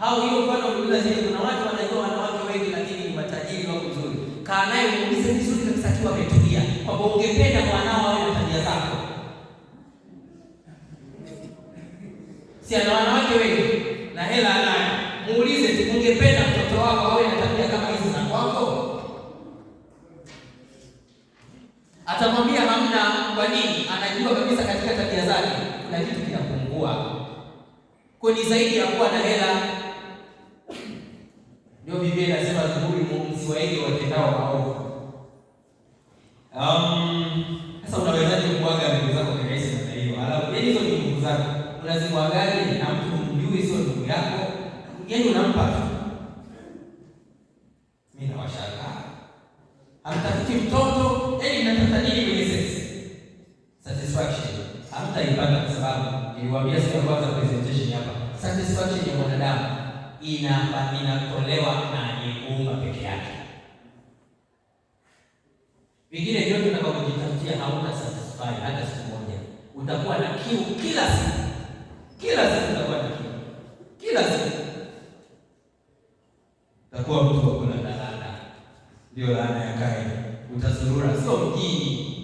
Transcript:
hao hiyo mfano uliuliza zile, kuna watu wanajua wanawake wengi lakini ni matajiri wa mzuri. Kaa naye muulize vizuri kabisa akiwa ametulia kwamba ungependa mwanao awe na tabia zako. Si ana wanawake wengi na hela anayo, muulize tu, ungependa mtoto wako awe na tabia kama hizi za kwako? Atamwambia hamna. Kwa nini? Anajua kabisa katika tabia zake kuna kitu kinapungua, kwa ni zaidi ya kuwa na hela ndio Biblia inasema zaburi, msiwaige watendao maovu. Um, sasa unawezaje kuaga ndugu zako kwa kirahisi namna hiyo? Alafu yaani hizo ni ndugu zako. gari na mtu mjui, sio ndugu yako? Yeye yaani unampa tu. Mimi nawashaka. Hamtafuti mtoto, yaani mnatafuta nini kwenye sex? Satisfaction. Hamtaipata kwa sababu niliwaambia siku ya kwanza presentation hapa. Satisfaction ya mwanadamu inatolewa na aliyekuumba peke yake. Vingine vyote utakavyojitafutia hauna satisfy hata siku moja, utakuwa na kiu kila siku, kila siku utakuwa na kiu kila siku, utakuwa mtu wa kula dalala. Ndio laana ya Kaini, utazurura, sio mjini